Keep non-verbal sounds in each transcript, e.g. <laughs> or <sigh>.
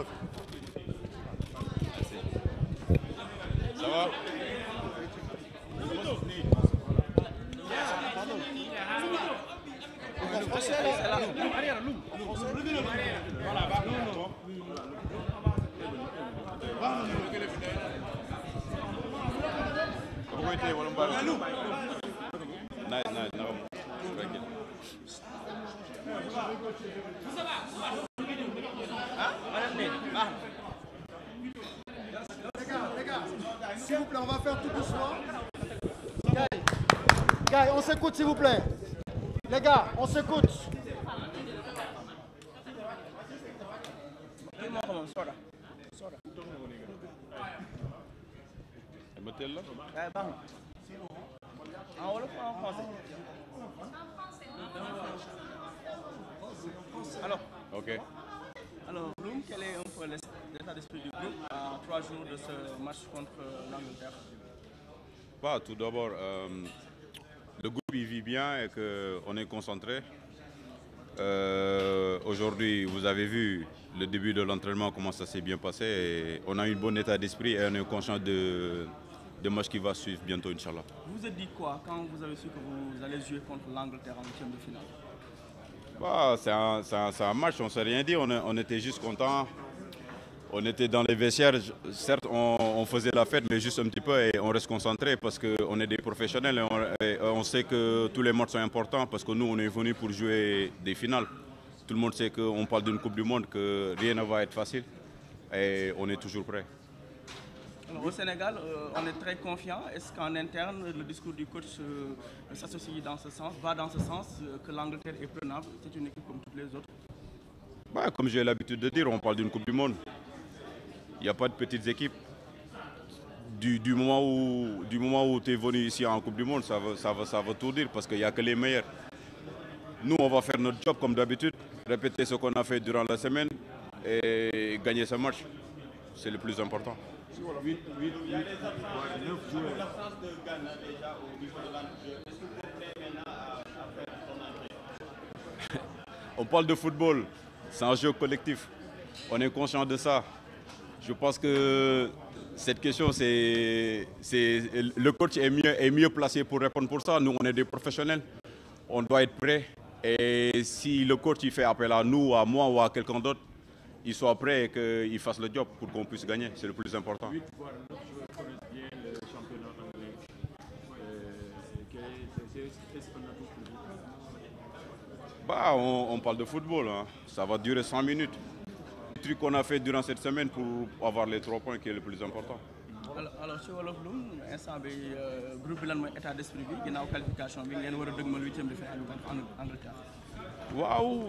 Ça va Nice, nice, Thank you. on va faire tout doucement. Guy, on s'écoute s'il vous plaît. Les gars, on s'écoute. Ok. Alors, Bloom, quel est l'état d'esprit du groupe à trois jours de ce match contre l'Angleterre bah, Tout d'abord, euh, le groupe il vit bien et qu'on est concentré. Euh, aujourd'hui, vous avez vu le début de l'entraînement, comment ça s'est bien passé. on a eu un bon état d'esprit et on est conscient de, de match qui va suivre bientôt, Inch'Allah. Vous vous êtes dit quoi quand vous avez su que vous allez jouer contre l'Angleterre en huitième de finale bah, c'est un, match, on ne s'est rien dit, on, était juste content. On était dans les vestiaires, certes on, faisait la fête, mais juste un petit peu et on reste concentré parce qu'on est des professionnels et euh, on, sait que tous les matchs sont importants parce que nous on est venus pour jouer des finales. Tout le monde sait qu'on parle d'une Coupe du Monde, que rien ne va être facile et on est toujours prêt au Sénégal, euh, on est très confiant. Est-ce qu'en interne, le discours du coach euh, s'associe dans ce sens, va dans ce sens euh, que l'Angleterre est prenable C'est une équipe comme toutes les autres bah, Comme j'ai l'habitude de dire, on parle d'une Coupe du Monde. Il n'y a pas de petites équipes. Du, moment où, du moment où tu es venu ici en Coupe du Monde, ça veut, ça ça veut tout dire parce qu'il n'y a que les meilleurs. Nous, on va faire notre job comme d'habitude, répéter ce qu'on a fait durant la semaine et gagner ce match. C'est le plus important est-ce que vous maintenant On parle de football, c'est un jeu collectif. On est conscient de ça. Je pense que cette question, c'est, le coach est mieux, est mieux placé pour répondre pour ça. Nous, on est des professionnels. On doit être prêt. Et si le coach il fait appel à nous, à moi ou à quelqu'un d'autre, ils soient prêts et qu'ils fassent le job pour qu'on puisse gagner. C'est le plus important. Euh, bah, on, on, parle de football, hein. ça va durer 100 minutes. Le truc qu'on a fait durant cette semaine pour avoir les trois points qui est le plus important. alors alors ci wolof lu instant bi euh, groupe bi l'état mooy il d'esprit bi une qualification bi y war a 8e de finale en contre Angleterre.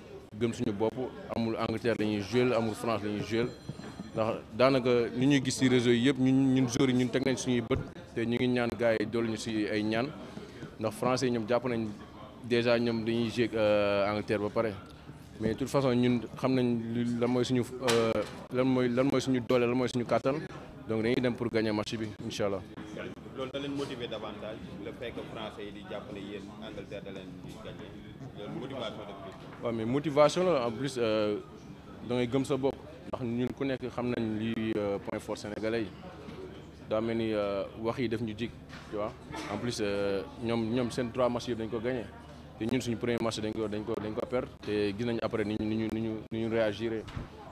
gëm suñu bop amul Angleterre dañuy ñuy amul France dañuy ñuy ndax daanaka li ñuy gis ci réseau yi yëpp ñun ñun joueur yi ñun tek nañ suñuy bëtt té ñu ngi ñaan gaay yi ñu ci ay ñaan ndax français ñoom japp nañ déjà ñoom dañuy joué euh, Angleterre ba paré mais de toute façon ñun xam nañ lan moy suñu euh, lan moy lan moy suñu doole lan moy suñu kàttan donc dañuy dem pour gagner match bi inshallah allah. loolu da leen motiver davantage le fait que français yi di jàpp ne yéen Angleterre da leen di gagner loolu motivation waaw mais motivation là, en plus euh, da ngay gëm sa bopp ndax ñun ku nekk xam nañ euh, point fort sénégalais yi daa mel ni euh, wax yi def ñu jig tu vois en plus ñoom ñoom seen trois matchs yëpp dañ ko gagné te ñun suñu premier match dañ ko dañ ko dañ ko perdre te gis nañ après ni ñu ni ñu ñu réagir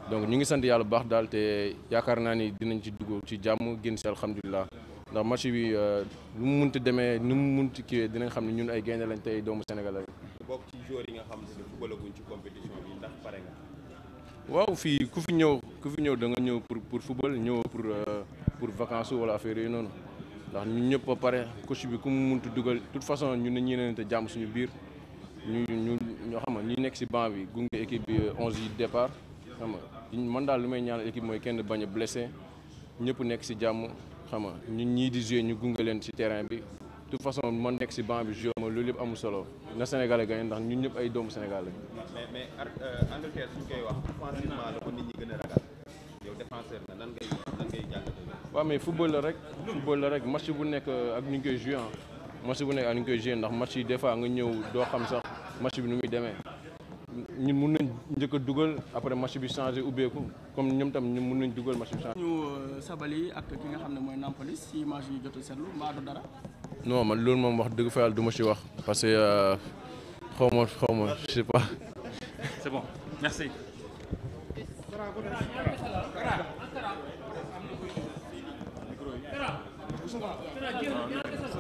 donc ñu ngi sant yàlla bu baax daal te yaakaar naa dinañ ci dugg ci jamm génn si alhamdulilah ndax match bi lu mu munti démé nu mu munti kiiwee dinañ xamni ñun ay gaynde lañ tey doomu sénégalais bokk ci joueurs yi nga xam ne footballaguñ ci compétition bi ndax pare nga. waaw fii ku fi ñëw ku fi ñëw da nga ñëw pour pour football ñëw pour euh, pour vacances wala affaire yooyu noonu ndax ñu ñëpp a pare coach bi ku mu muntu dugal toute façon ñun dañu yéene te jàmm suñu biir ñu ñu ñoo xam ne ñi nekk si banc bi gunge équipe bi 11 euh, yi départ xam nga man daal lu may ñaanal équipe mooy kenn bañ a blessé ñëpp nekk si jàmm xama nga ñun ñii di jouer ñu gunge leen si terrain bi. de toute façon man nekk si banc bi joué ma loolu yëpp amul solo na sénégalais gagne ndax ñun ñëpp ay doomu Sénégal lañ. mais mais euh, Angleterre suñ koy wax offensivement la ko nit ñi gëna ragal yow défenseur na nan ngay nan ngay jàngatee. waaw mais football la rek. football la rek match bu nekk euh, ak ñu koy joué ah. match bu nekk ak ñu koy joué ndax match yi des fois nga ñëw doo xam sax match bi nu muy demee ñun mun nañ njëkk a dugal après match bi changé ubbeeku comme ñoom tam ñu mun nañ dugal match bi changé. ñu euh, sabali ak ki nga xam ne mooy Nampalys si image yi jot a seetlu mbaa du dara non man lool mom wax deug fa yàlla du ci wax parce que euh ma xaw je sais pas. <laughs> c'est bon merci.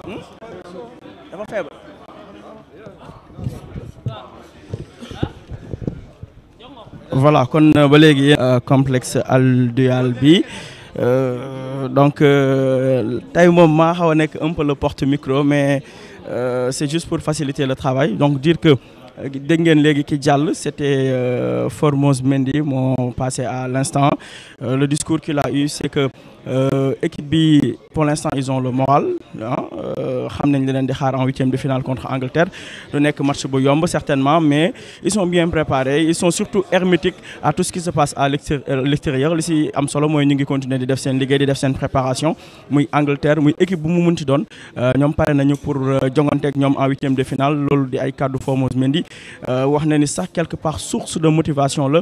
Hmm? dafa feebar. voilà kon euh, ba légui euh, complexe Al dual bi. euh donc euh, Taïmo moom un peu le porte micro mais euh, c'est juste pour faciliter le travail donc dire que euh, Dengen c'était Formose Mendy mon passé à l'instant le discours qu'il a eu c'est que l'équipe, pour l'instant ils ont le moral hein, xam nañ leen di xaar en huitième de finale contre Angleterre du nekk match bu yomb certainement mais ils sont bien préparés ils sont surtout hermétiques à tout ce qui se passe à euh, l'extérieur li si am solo mooy ñu ngi continuer di def seen liggéey di def seen préparation muy Angleterre muy équipe bu mu munti doon euh, ñoom pare nañu pour euh, jonganteeg ñoom en huitième de finale loolu di ay kaddu Formose mendi wax na ni quelque part source de motivation la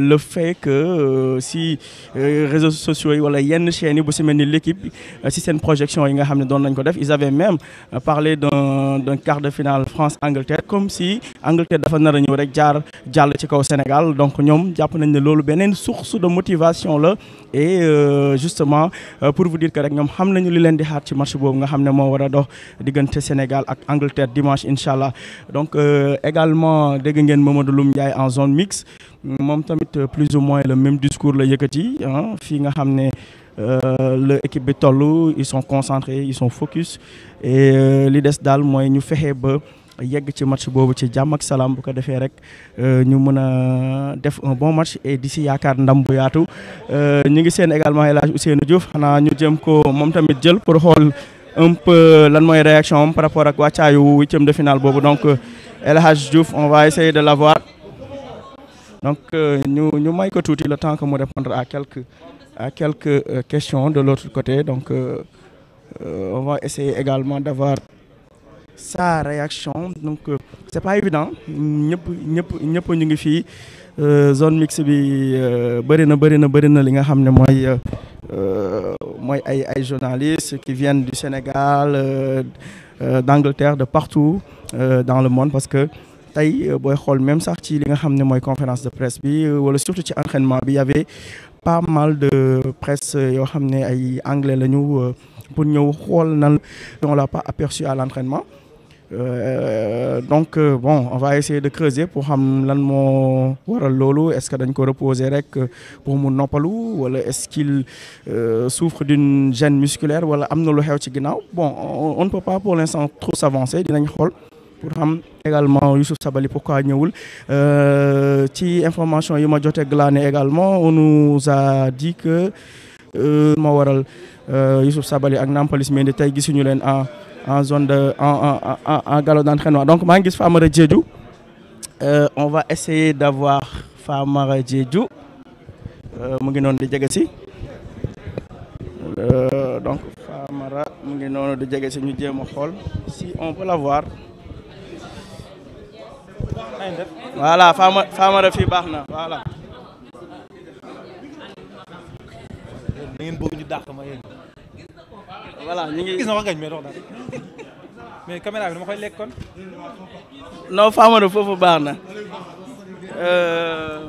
le fait que si réseaux sociaux yi wala yenn chaînes yi bu si mel ni l'équipe si seen projection yi nga xam doon nañ ko def ils avaient même euh, parler d'un quart de finale France-Angleterre comme si Angleterre dafa nar a ñëw rek jaar jàll Sénégal donc nous avons nañ ne source de motivation là et euh, justement euh, pour vous dire que nous avons xam de li leen di xaar ci match boobu nga xam Sénégal ak Angleterre dimanche Inch'Allah donc également dégg ngeen Mamadou Loum Ndiaye en zone mixte moom tamit plus ou moins le même discours que yëkkati hein, fii nga xam euh, le équipe bi ils sont concentrés ils sont focus et euh, li des dal moy ñu fexé ba yegg ci match bobu ci jàmm ak salam bu ko défé rek euh, ñu mëna def un bon match et d'ici yakar ndam bu yaatu euh, ñi ngi seen également El Hadj Ousseynou Diouf xana ñu jëm ko mom tamit jël pour xool un peu lan moy réaction par rapport ak 8e de finale bobu donc El Hadj Diouf on va essayer de l'avoir donc ñu ñu may ko tuuti le temps que mu répondre à quelques à quelques questions de l'autre côté donc. Euh, on va essayer également d'avoir sa réaction. Donc, euh, c'est ce n'est pas évident. Nous sommes ici. Euh, zone mixte bi euh, bari na bari na bari na li nga xam moy euh, mooy ay ay journalistes qui viennent du Sénégal d'Angleterre de partout dans le monde parce que tay boy xol même sax ci li nga xam moy conférence de presse bi wala surtout ci entraînement bi y avait pas mal de presse yo xam ay anglais lañu pour nous xool nan on l'a pas aperçu à l'entraînement Euh, donc euh, bon on va essayer de creuser pour xam lan Lolo. waral est-ce que dañ ko reposer rek euh, pour mu noppalu wala est-ce qu'il euh, souffre d'une gêne musculaire Ou amna lu xew ci ginnaaw bon on ne peut pas pour l'instant trop s'avancer dinañ xol pour xam également Youssouf Sabali pourquoi euh ci information yuma ma glané également on nous a dit que euh, moo waral euh, Youssouf Sabali ak Nampalys Mendy tey gisuñu leen en en zone de en en en galop d'entraînement donc maa ngi gis Famara Euh, on va essayer d'avoir Famara Diédhiou euh, mu ngi noonu di jege si donc Famara mu ngi noonu di jege si ñu jéem a si on peut l'avoir voilà Famara fii baax na voilà. da ngeen bëgg ñu dàq ma yéen. voilà ñu ngi gis na wax gañ mais dox dara mais caméra bi dama koy lekk kon. non Famara foofu baax na. Euh,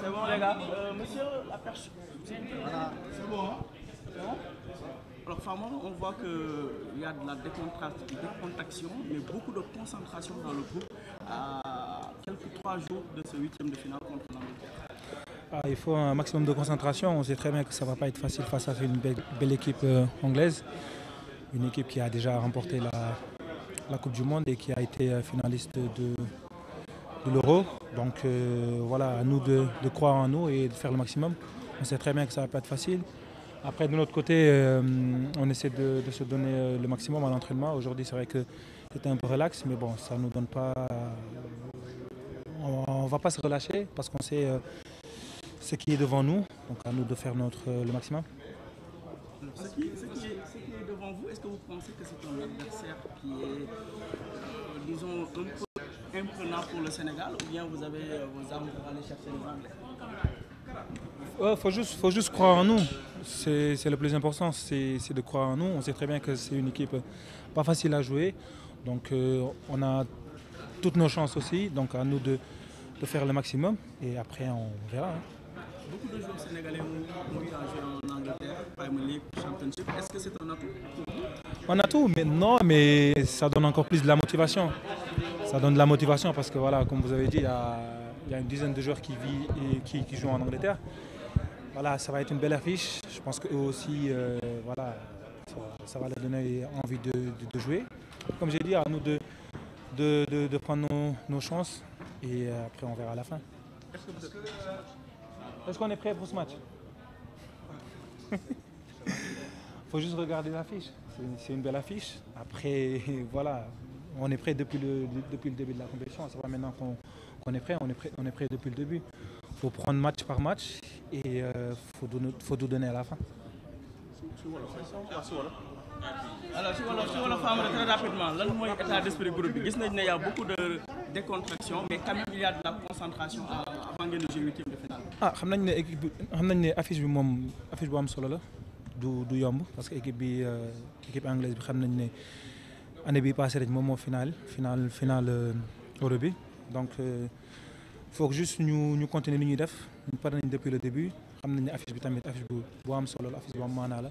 c'est bon les gars euh, monsieur la perche voilà hein. c'est bon. Alors Famara, on voit qu'il y a de la décontraction, mais beaucoup de concentration dans le groupe. Euh, trois jours de ce ah, Il faut un maximum de concentration. On sait très bien que ça ne va pas être facile face à une belle, équipe euh, anglaise. Une équipe qui a déjà remporté la, la, Coupe du Monde et qui a été euh, finaliste de, l'Euro. Donc euh, voilà, à nous de, croire en nous et de faire le maximum. On sait très bien que ça ne va pas être facile. Après, de notre côté, on essaie de, de, se donner le maximum à l'entraînement. Aujourd'hui, c'est vrai que c'était un peu relax, mais bon, ça ne nous donne pas on ne va pas se relâcher parce qu'on sait euh, ce qui est devant nous. Donc à nous de faire notre, euh, le maximum. ce, qui, est, devant vous, est-ce que vous pensez que c'est un adversaire qui est, euh, disons, un peu imprenant pour le Sénégal ou bien vous avez vos armes pour aller chercher les armes il faut, juste, croire en nous. C'est le plus important, c'est de croire en nous. On sait très bien que c'est une équipe pas facile à jouer. Donc on a toutes nos chances aussi. Donc à nous de, de faire le maximum et après on verra. Hein. Beaucoup de joueurs sénégalais ont eu à jouer en Angleterre, Premier League, Championship. Est-ce que c'est un atout Un atout, mais non, mais ça donne encore plus de la motivation. Ça donne de la motivation parce que voilà, comme vous avez dit, il y a, une dizaine de joueurs qui, vit et qui, jouent en Angleterre. Voilà, ça va être une belle affiche. Je pense qu'eux aussi, euh, voilà, ça, va leur donner envie de, jouer. Comme j'ai dit, à nous de, de prendre nos chances, et euh, après, on verra à la fin. Est-ce euh, qu'on est prêt pour ce match <laughs> faut juste regarder l'affiche. C'est une belle affiche. Après, <laughs> voilà, on est prêt depuis le, depuis le début de la compétition. C'est pas maintenant qu'on est prêt, on est prêt, on est prêt depuis le début. faut prendre match par match et il euh, faut, nous faut donner à la fin. Alors, si on très rapidement, Il y a beaucoup de décontraction, mais quand même il y a de la concentration avant ngeen di jouer huitième de finale. ah xam nañ équipe bi xam affiche bi mom, affiche bu am solo la du du yomb parce que équipe bi euh, équipe anglaise bi xam nañ ne année bi passée rek moom moo final final final euh, euro bi donc euh, faut que juste nous nous continuer li ñuy def ñu pare depuis le début xam nañ affiche bi tamit affiche bu bu am solo affiche bu am maanaa la.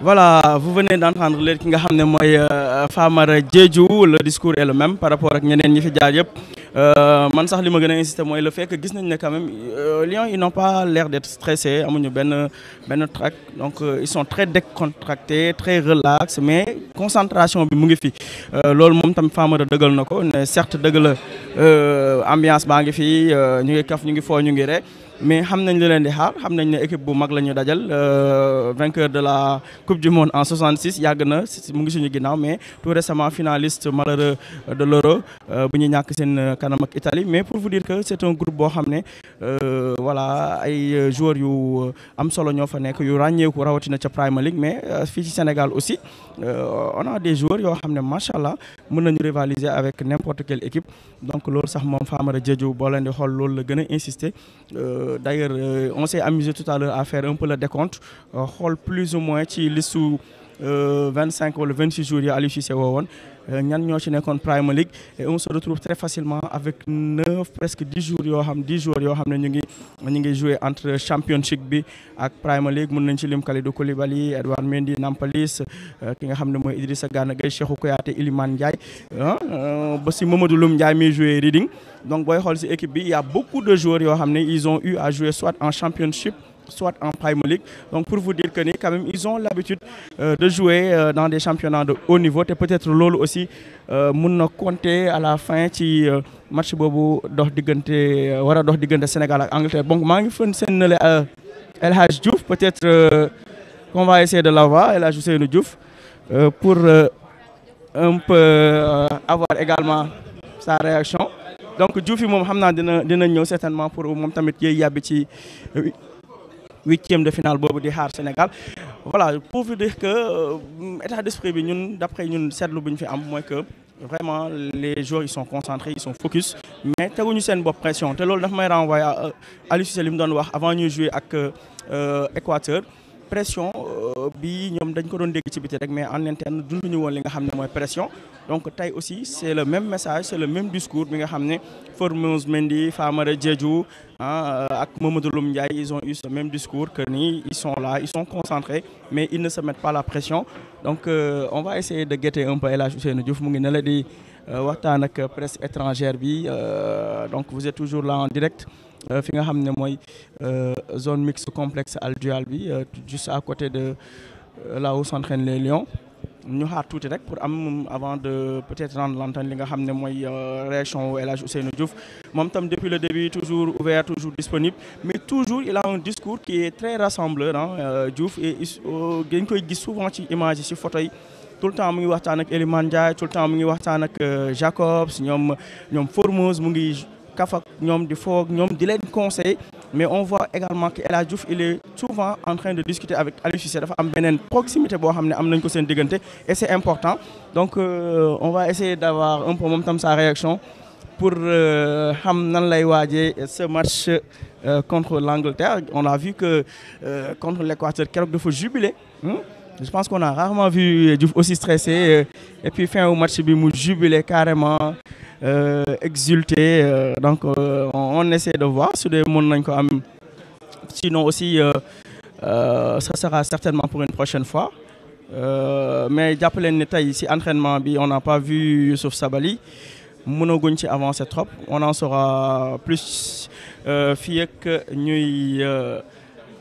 Voilà, vous venez d'entendre le ki nga xam ne mooy euh, Famara Diédhiou le discours est le même par rapport à ñeneen ñi fi jaar yëpp euh, man sax li ma gën insister mooy le fait que gis nañ ne quand même euh, Lyon, ils n'ont pas l'air d'être stressés amuñu benn benn trac donc ils sont très décontractés très relax mais concentration bi mu ngi fi loolu moom tamit Famara dëggal na ko ne certes dëgg la ambiance baa ngi fi ñu ngi kaf ñu ngi foo ñu ngi rek mais xam nañ li leen di xaar xam nañ ne équipe bu mag la ñu dajal euh, vainqueur de la coupe du monde en 66 yàgg na mu ngi suñu ginnaaw mais tout récemment finaliste malheureux euh, de l'euro euh, bu ñu ñàkk seen ak Italie mais pour vous dire que c'est un groupe boo xam ne voilà ay joueurs yu am solo ñoo fa nekk yu ràññeeku rawatina ca Premier League mais fii ci Sénégal aussi on a des joueurs yoo xam ne macha allah mën rivaliser avec n'importe quelle équipe donc loolu sax moom Famara Diédhiou boo leen di xool loolu la a insister. Euh, d'ailleurs, euh, on s'est amusé tout à l'heure à faire un peu le décompte, euh, plus ou moins ci euh, vingt cinq wala 26 jours yi Aliou Cissé woo woon euh, ñan ñoo ci nekkoon Premier League et on se retrouve très facilement avec neuf presque dix jours Yo, xam dix jours yoo xam ne ñu ngi ñu ngi joué entre championship bi ak Premier League mun nañ ci lim Kalidou Koulibaly Edouard Mendy Nampalis euh, ki nga xam ne mooy Idrissa Gana Gueye Cheikhou Kouyaté Iliman Ndiaye ba si Mamadou Loum Ndiaye miy joué Reading donc booy xool si équipe bi y' a beaucoup de joueurs yoo xam ils ont eu à jouer soit en championship soit en Premier League. Donc pour vous dire que quand même, ils ont l'habitude euh, de jouer euh, dans des championnats de haut niveau. Et peut-être l'OL aussi, euh, nous compter à la fin qui euh, match bobu dox Sénégal ak Angleterre. Donc je ngi fën sen Diouf peut-être qu'on va essayer de l'avoir LH joué une Diouf pour un peu avoir également sa réaction. Donc Diouf mom xamna dina dina certainement pour mom tamit yeey yabbi ci 8e de finale bobu di xaar Sénégal voilà pour vous dire que euh, état d'esprit bi ñun d'après ñun seetlu buñ fi am moy que vraiment les joueurs ils sont concentrés ils sont focus mais teguñu une bonne pression té loolu daf may renvoyer à euh, Aliou Cissé li doon wax avant ñu jouer ak euh, Équateur pression euh, bi ñom dañ ko doon dégg ci biti rek mais en interne ñu woon li nga xamné moy pression donc tay aussi c'est le même message c'est le même discours bi nga xamné ne Mendy Famara Diédhiou ah, ak Mamadou Loum Ndiaye ils ont eu ce même discours que ni ils sont là ils sont concentrés mais ils ne se mettent pas la pression donc euh, on va essayer de guetter un peu El Hadj Ousseynou Diouf mu ngi na la di euh, waxtaan ak presse étrangère bi euh, donc vous êtes toujours là en direct. Euh, fi nga xam ne euh, zone mixte complexe al dual bi euh, juste à côté de là où s'entraînent les lions ñu xaar tuuti rek pour am avant de peut-être rendre l'antenne li nga xam ne mooy réaction wu El Hadj nous Diouf moom tam depuis le début toujours ouvert toujours disponible mais toujours il a un discours qui est très rassembleur ah Diouf et dañ koy souvent ci image yi ci photo tout le temps on ngi waxtaan ak tout le temps mu ngi waxtaan ak Jacobs ñoom ñoom Formose mu ngi kaf y di conseils conseil mais on voit également que il est souvent en train de discuter avec Aliou Il dafa am une proximité et c'est important donc euh, on va essayer d'avoir un peu sa réaction pour euh, ce match euh, contre l'Angleterre on a vu que contre l'Équateur keroog dafa jubilé hmm? je pense qu'on a rarement vu Diouf aussi stressé et puis fin au match bi mu jubilé carrément euh, exulter euh, donc euh, on essaie de voir sur des mondes comme sinon aussi ça sera certainement pour une prochaine fois mais d'après les détails ici entraînement on n'a pas vu Youssouf Sabali. mënaguñ avant avancer trop on en sera plus que que ñuy.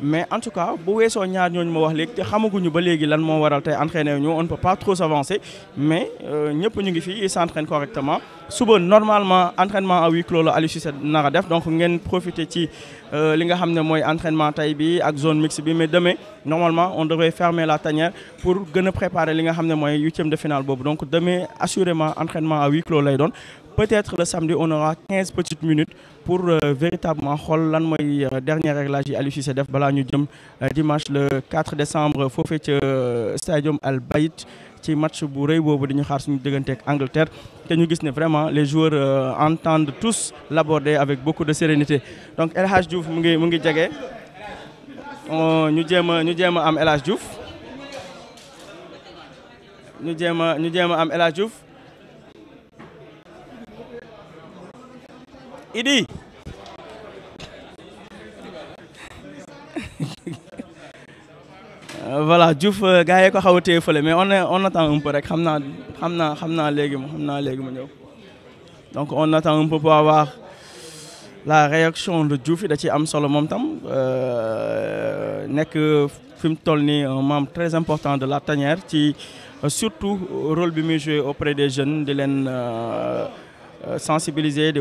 mais en tout cas si vous ñaar un on ne peut pas trop s'avancer mais nous euh, ñu ngi fi s'entraîne correctement normalement l'entraînement à huis clos à l'issue de nar def donc ngeen profiter de euh, l'entraînement à xam à entraînement zone mixte mais demain normalement on devrait fermer la tanière pour préparer li nga xam de finale donc demain assurément l'entraînement à huis clos peut-être le samedi on aura 15 petites minutes pour euh, véritablement voir lan euh, dernier réglage à Aliou nous euh, dimanche le 4 décembre faire le stadium Al Bayt le match bu rëy Angleterre vraiment les joueurs entendent tous l'aborder avec beaucoup de sérénité donc El Hadj Diouf mu ngi mu ngi jege ñu LH Diouf ñu Idi euh, voilà Diouf euh, gars yi ko xaw mais on est on attend un peu rek xam naa xam donc on attend un peu pour avoir la réaction de Diouf da ci am solo moom tam que euh, fi mu un membre très important de la tanière ci surtout rôle bi muy joué auprès des jeunes de leen. Euh, sensibiliser de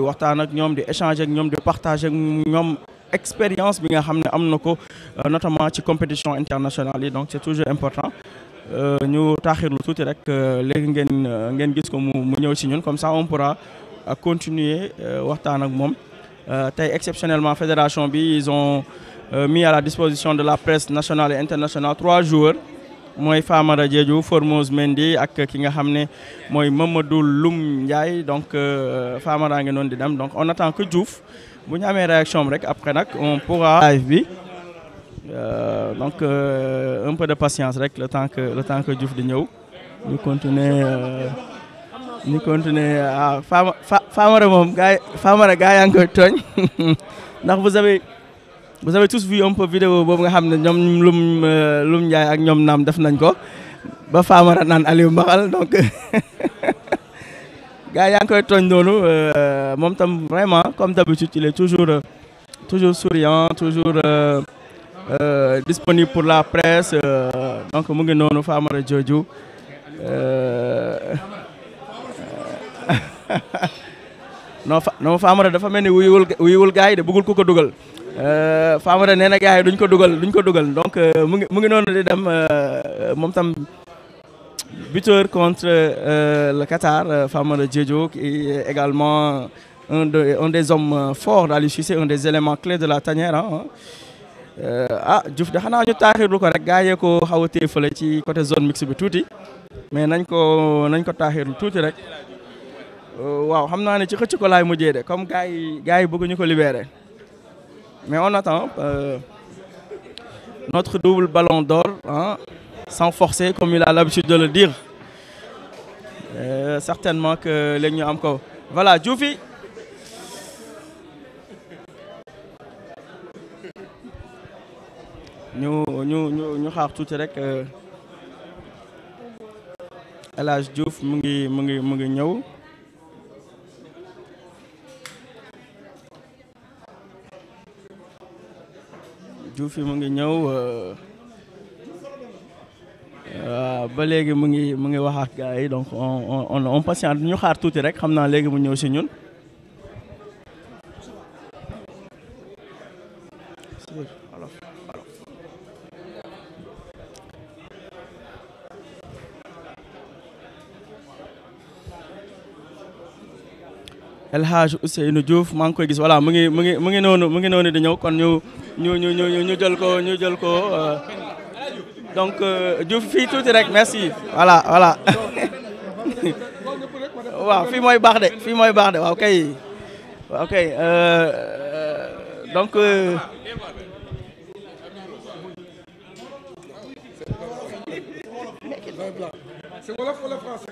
échanger partager ak expérience euh, notamment dans compétition internationale donc c'est toujours important Nous travaillons tout rek euh, léegi ngeen nous ko comme ça on pourra continuer à ak exceptionnellement fédération ils ont mis à la disposition de la presse nationale et internationale trois jours mooy Famara Diédhiou Formose mendi ak ki nga xamné ne Mamadou Loum Ndiaye donc euh, Famara nga non di dam donc on attend que djouf bu ñu amee réaction rek après nak on pourra live bi euh, donc euh, un peu de patience rek le temps que le temps que djouf di ñëw ñu continuer ñu continuer ah Famara mom gaay Famara gaay yaa ngi koy <laughs> ndax vous avez vous avez tous vu un peu vidéo boobu nga xam ne Lum euh, Lum ak def nañ ko ba Famara donc <laughs> gars euh, tam vraiment comme d'habitude il est toujours toujours souriant toujours euh, disponible pour la presse donc mu ngi noonu Famara <laughs> non Famara dafa de de euh, Famara nee na yi duñ ko dugal duñ ko dugal donc euh, mu ngi nonu di dem euh, mom tam buteur contre le Qatar Famara Diédhiou qui est également un de un des hommes forts d'Aliou Cissé un des éléments clés de la tanière hein. Euh, ah Diouf de xanaa ñu taaxirlu ko rek gars ko xaw a ci côté zone mixte bi tuuti mais nañ ko nañ ko taaxirlu tuuti rek Euh waaw xamna naa ci xëcc ko lay mujjé dé comme gars yi gars yi bëgguñu ko libérer. Mais on attend. Euh, notre double ballon d'or, hein, sans forcer, comme il a l'habitude de le dire. Euh, certainement que les encore. Voilà, Djoufi. Nous, nous, nous, tout nous, nous, nous, Diouf nous, Diouf mu ngi ñëw euh, euh, ba léegi mu ngi mu ngi wax ak gars donc on on on patient ñu xaar tuuti rek xamna légui mu ñëw ci ñun. El Hadj Ousseynou Diouf mang koy gis voilà mu ngi mu ngi mu ngi noonu mu ngi noonu di ñëw kon ñu ñu ñu ñu ñu jël ko ñu jël ko euh. donc euh, Diouf fi touti rek merci voilà voilà <laughs> waaw fi moy bax de fi moy bax de waaw kay waaw kay euh, donc. C'est wolof wala français?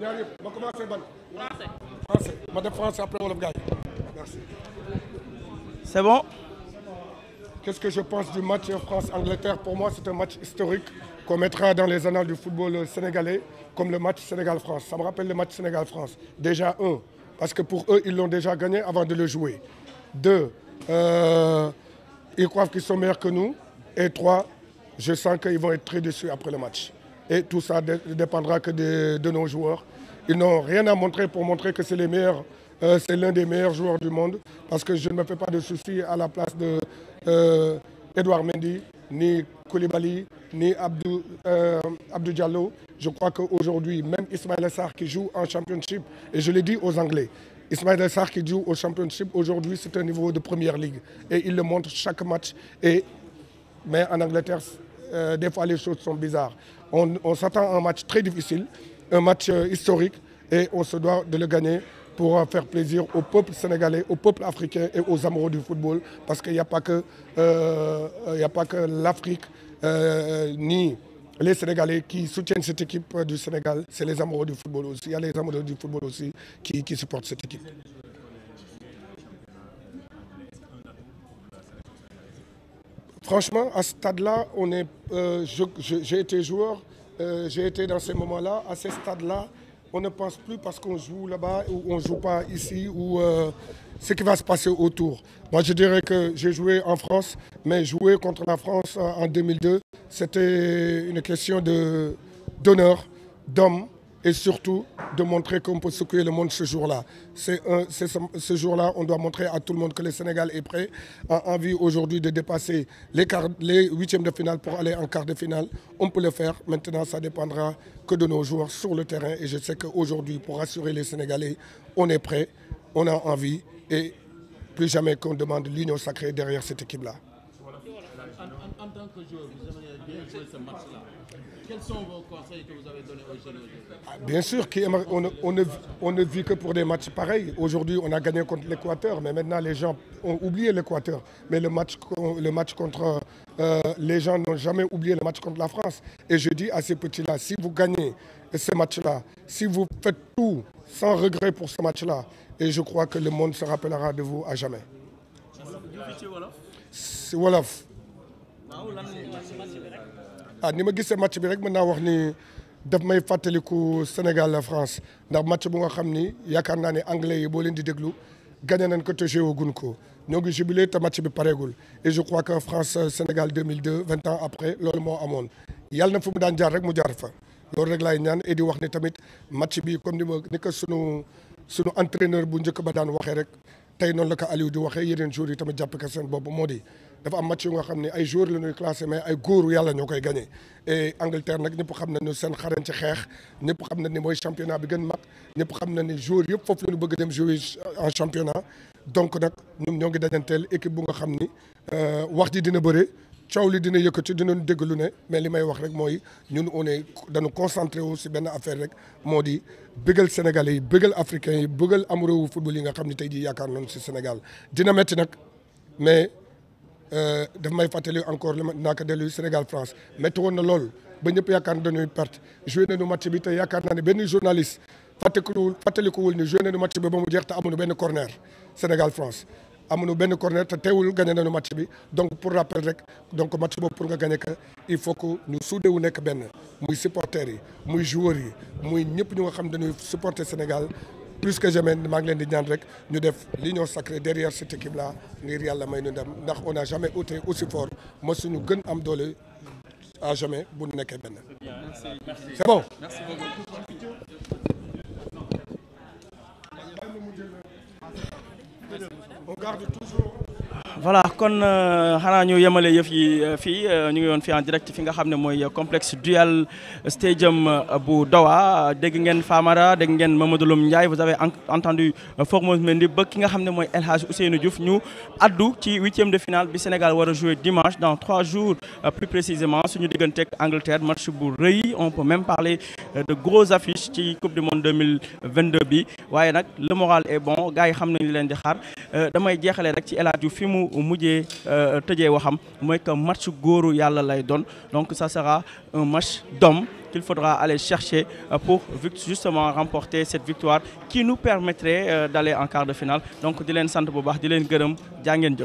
Ñaar yëpp ma commencé ban. Français. France après merci. c'est bon. qu'est-ce que je pense du match France-Angleterre pour moi c'est un match historique qu'on mettra dans les annales du football sénégalais comme le match Sénégal-France ça me rappelle le match Sénégal-France déjà un parce que pour eux ils l'ont déjà gagné avant de le jouer deux euh, ils croient qu'ils sont meilleurs que nous et trois je sens qu'ils vont être très déçus après le match et tout ça ne dépendra que de nos joueurs ils n'ont rien à montrer pour montrer que euh, c'est l'un des meilleurs joueurs du monde. Parce que je ne me fais pas de soucis à la place de euh, Mendy, ni Koulibaly, ni euh, Abdou, Diallo. Je crois qu'aujourd'hui, même Ismaël Essar qui joue en championship, et je l'ai dit aux Anglais, Ismaël Essar qui joue au championship, aujourd'hui c'est un niveau de première ligue. Et il le montre chaque match. mais en Angleterre, euh, des fois les choses sont bizarres. on s'attend à un match très difficile un match euh, historique et on se doit de le gagner pour faire plaisir au peuple sénégalais, au peuple africain et aux amoureux du football. Parce qu'il n'y a pas que, euh, que l'Afrique euh, ni les Sénégalais qui soutiennent cette équipe du Sénégal. C'est les amoureux du football aussi. Il y a les amoureux du football aussi qui, supportent cette équipe. Franchement, à ce stade-là, on est, j'ai été joueur. Euh, j'ai été dans ces moments-là, à ce stade là on ne pense plus parce qu'on joue là-bas ou on ne joue pas ici ou euh, ce qui va se passer autour. Moi, je dirais que j'ai joué en France, mais jouer contre la France en 2002, c'était une question d'honneur, d'homme et surtout de montrer qu'on peut secouer le monde ce jour-là. C'est ce, jour-là, on doit montrer à tout le monde que le Sénégal est prêt, a envie aujourd'hui de dépasser les, huitièmes de finale pour aller en quart de finale. On peut le faire. Maintenant, ça dépendra que de nos joueurs sur le terrain. Et je sais qu'aujourd'hui, pour rassurer les Sénégalais, on est prêt, on a envie et plus jamais qu'on demande l'union sacrée derrière cette équipe-là. tant que joueur, vous bien jouer ce match-là quels sont vos conseils que vous avez donnés aux jeunes ah, Bien sûr qu'on on ne, on ne vit que pour des matchs pareils. Aujourd'hui, on a gagné contre l'Équateur, mais maintenant les gens ont oublié l'Équateur. Mais le match, le match contre... Euh, les gens n'ont jamais oublié le match contre la France. Et je dis à ces petits-là, si vous gagnez ce match-là, si vous faites tout sans regret pour ce match-là, et je crois que le monde se rappellera de vous à jamais. C'est ah ni ma match bi rek mën wax ni daf may fàttaliku Sénégal la France ndax match bu nga xam ni yaakaar naa anglais yi bo len di déglu gagné nañ ko te joué gun ko ñogi ngi jubilé match bi pareegul et je crois que France Sénégal 2002 20 ans après loolu mo amone yàlla na fu mu daan jaar rek mu jaar fa loolu rek lay ñaan et di wax ni tamit match bi comme ni ma ni ko sunu sunu entraîneur bu ñëk ba daan waxé rek tay non la ko Aliou di waxé yeneen jours yi tamit japp ka seen bopp modi dafa am match yu nga xam ay joueurs la ñuy classé mais ay góoru yalla ñoo koy gagné et Angleterre nak ñep xamna ñu sen seen xarañ ci xex ñep xamna ni moy championnat bi gën mak ñep xamna ni ne joueurs yëpp foofu la bëgg dem jouer en championnat donc nak ñoom ñoo dajantel équipe bu nga xamni euh wax di dina bëre coow li dina yëkkati dinañ dégg lu né mais limay wax rek moy ñun on est dañu concentré wu si benn affaire rek modi di bëggal sénégalais yi bëggal africains yi bëggal amoureux wu football yi nga xamni tay di yakar yaakaar ci Sénégal dina metti nak mais. Euh, daf may fàttali encore li ma naa ko dellu Sénégal France métti woon na lool ba ñëpp yaakaar na dañuy perte joué nañu match bi te yaakaar naa ne benn journaliste fàttalikuwul fàttalikuwul ni joué nañu match bi ba mu jeex te amuñu benn corner Sénégal France amuñu benn corner te teewul gagné nañu match bi donc pour rappel rek donc match boobu pour nga gagné que il faut que ñu soudé wu nekk benn muy supporters yi muy joueurs yi muy ñëpp ñu nga xam dañuy supporter Sénégal plus que jamais nous devons di ñaan l'union sacrée derrière cette équipe là nous yàlla on n'a jamais été aussi fort ma suñu gën am doole à jamais bu c'est bon Merci beaucoup. on garde toujours voilà kon euh, xanaa ñu yemale yëf yi euh, fii euh, ñu ngi woon en direct fi nga complexe Dual Stadium bu Doha dégg ngeen Famara dégg ngeen Mamadou Loum Ndiaye vous avez entendu Formose Mendy ba ki nga xam ne El Hadj Ousseynou Diouf ñu addu ci huitième de finale bi Sénégal war jouer dimanche dans trois jours plus précisément suñu diggante Angleterre match bu rëy on peut même parler de gros affiches ci coupe du monde 2022 bi waaye le moral est bon gars yi xam nañu leen di xaar damay jeexalee rek ci El Hadj mu euh, waxam moy match gooru yalla lay donc ça sera un match d'homme qu'il faudra aller chercher euh, pour justement remporter cette victoire qui nous permettrait euh, d'aller en quart de finale donc di Sandro sante bu baax di